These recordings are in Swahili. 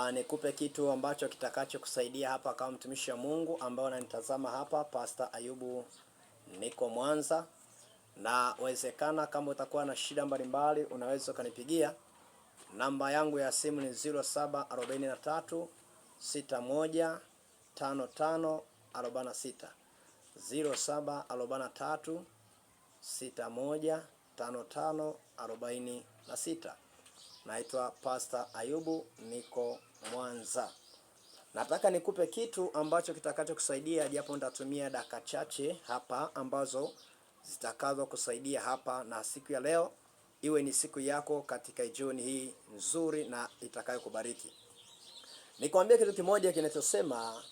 Ah, nikupe kitu ambacho kitakacho kusaidia hapa kama mtumishi wa Mungu ambao unanitazama hapa. Pastor Ayubu niko Mwanza, na wezekana kama utakuwa na shida mbalimbali unaweza ukanipigia. Namba yangu ya simu ni 0743615546 0743615546 Naitwa Pastor Ayubu niko kabisa. Nataka nikupe kitu ambacho kitakachokusaidia japo nitatumia dakika chache hapa ambazo zitakazo kusaidia hapa na siku ya leo iwe ni siku yako katika jioni hii nzuri na itakayokubariki. Nikwambie kitu kimoja kinachosema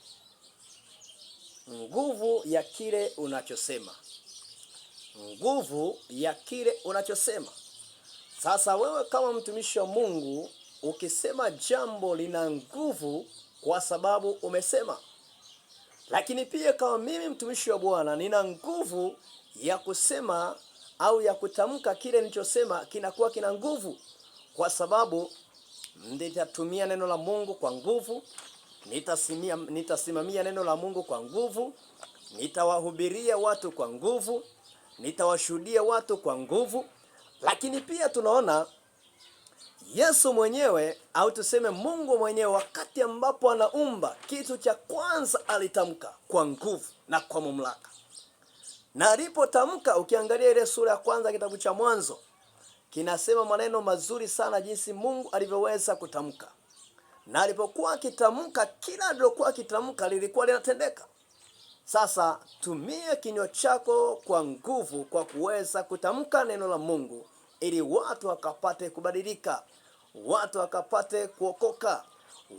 nguvu ya kile unachosema. Nguvu ya kile unachosema. Sasa wewe kama mtumishi wa Mungu ukisema jambo lina nguvu kwa sababu umesema. Lakini pia kama mimi mtumishi wa Bwana nina nguvu ya kusema au ya kutamka kile nilichosema, kinakuwa kina nguvu kwa sababu nitatumia neno la Mungu kwa nguvu, nitasimia nitasimamia neno la Mungu kwa nguvu, nitawahubiria watu kwa nguvu, nitawashuhudia watu kwa nguvu. Lakini pia tunaona Yesu mwenyewe au tuseme Mungu mwenyewe, wakati ambapo anaumba, kitu cha kwanza alitamka kwa nguvu na kwa mamlaka, na alipotamka, ukiangalia ile sura ya kwanza kitabu cha Mwanzo kinasema maneno mazuri sana jinsi Mungu alivyoweza kutamka, na alipokuwa akitamka, kila alilokuwa akitamka lilikuwa linatendeka. Sasa tumie kinywa chako kwa nguvu, kwa kuweza kutamka neno la Mungu ili watu wakapate kubadilika, watu wakapate kuokoka,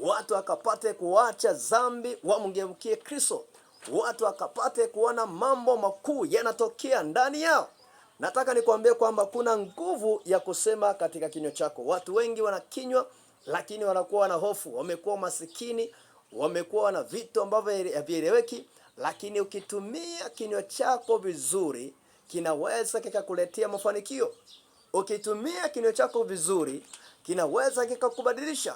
watu wakapate kuacha dhambi wamgeukie Kristo, watu wakapate kuona mambo makuu yanatokea ndani yao. Nataka nikwambie kwamba kuna nguvu ya kusema katika kinywa chako. Watu wengi wana kinywa lakini wanakuwa wana hofu, wamekuwa masikini, wamekuwa wana vitu ambavyo havieleweki. Lakini ukitumia kinywa chako vizuri, kinaweza kikakuletea mafanikio. Ukitumia kinywa chako vizuri, kinaweza kikakubadilisha.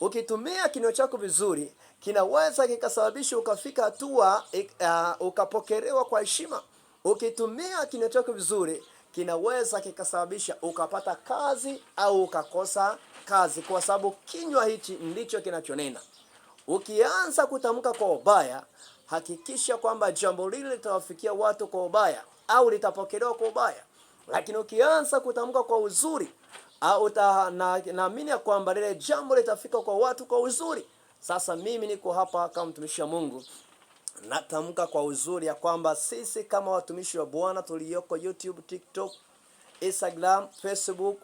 Ukitumia kinywa chako vizuri, kinaweza kikasababisha ukafika hatua uh, ukapokelewa kwa heshima. Ukitumia kinywa chako vizuri, kinaweza kikasababisha ukapata kazi au ukakosa kazi, kwa sababu kinywa hichi ndicho kinachonena. Ukianza kutamka kwa ubaya, hakikisha kwamba jambo lile litawafikia watu kwa ubaya au litapokelewa kwa ubaya lakini ukianza kutamka kwa uzuri au naamini ya kwamba lile jambo litafika kwa watu kwa uzuri. Sasa mimi niko hapa kama mtumishi wa Mungu, natamka kwa uzuri ya kwamba sisi kama watumishi wa Bwana tuliyoko YouTube, TikTok, Instagram, Facebook,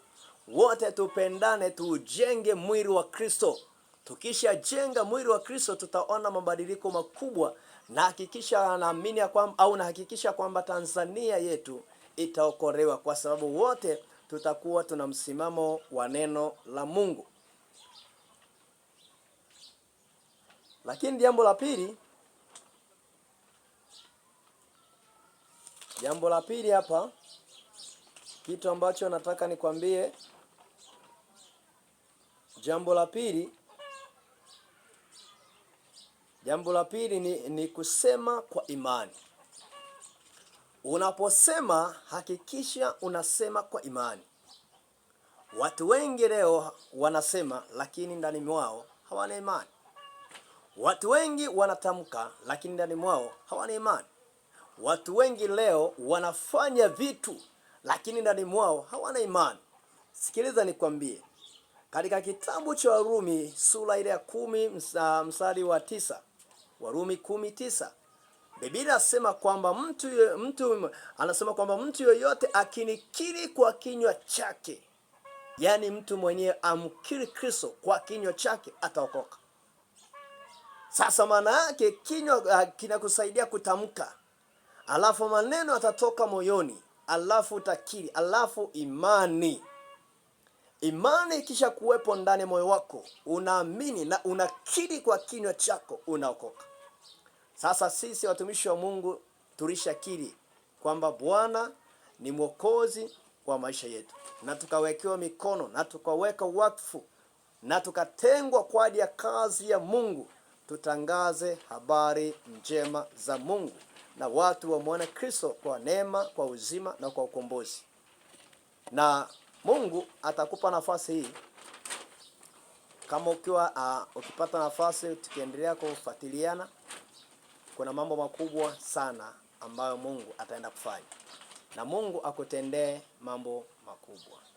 wote tupendane, tujenge mwili wa Kristo. Tukishajenga mwili wa Kristo tutaona mabadiliko makubwa, na hakikisha naamini ya kwamba au nahakikisha kwamba Tanzania yetu itaokolewa, kwa sababu wote tutakuwa tuna msimamo wa neno la Mungu. Lakini jambo la pili, jambo la pili hapa, kitu ambacho nataka nikwambie, jambo la pili jambo la pili ni, ni kusema kwa imani. Unaposema hakikisha unasema kwa imani. Watu wengi leo wanasema, lakini ndani mwao hawana imani. Watu wengi wanatamka, lakini ndani mwao hawana imani. Watu wengi leo wanafanya vitu, lakini ndani mwao hawana imani. Sikiliza nikwambie, katika kitabu cha Warumi sura ile ya kumi msali wa tisa Warumi kumi tisa Biblia inasema kwamba mtu, mtu anasema kwamba mtu yoyote akinikiri kwa kinywa chake, yaani mtu mwenyewe amkiri Kristo kwa kinywa chake ataokoka. Sasa maana yake kinywa ah, kinakusaidia kutamka, alafu maneno atatoka moyoni, alafu utakiri, alafu imani Imani ikisha kuwepo ndani moyo wako, unaamini na unakiri kwa kinywa chako, unaokoka. Sasa sisi watumishi wa Mungu tulishakiri kwamba Bwana ni mwokozi wa maisha yetu, na tukawekewa mikono na tukaweka wakfu na tukatengwa kwa ajili ya kazi ya Mungu, tutangaze habari njema za Mungu na watu wamwone Kristo kwa neema, kwa uzima na kwa ukombozi. Na Mungu atakupa nafasi hii kama ukiwa uh, ukipata nafasi tukiendelea kufuatiliana kuna mambo makubwa sana ambayo Mungu ataenda kufanya, na Mungu akutendee mambo makubwa.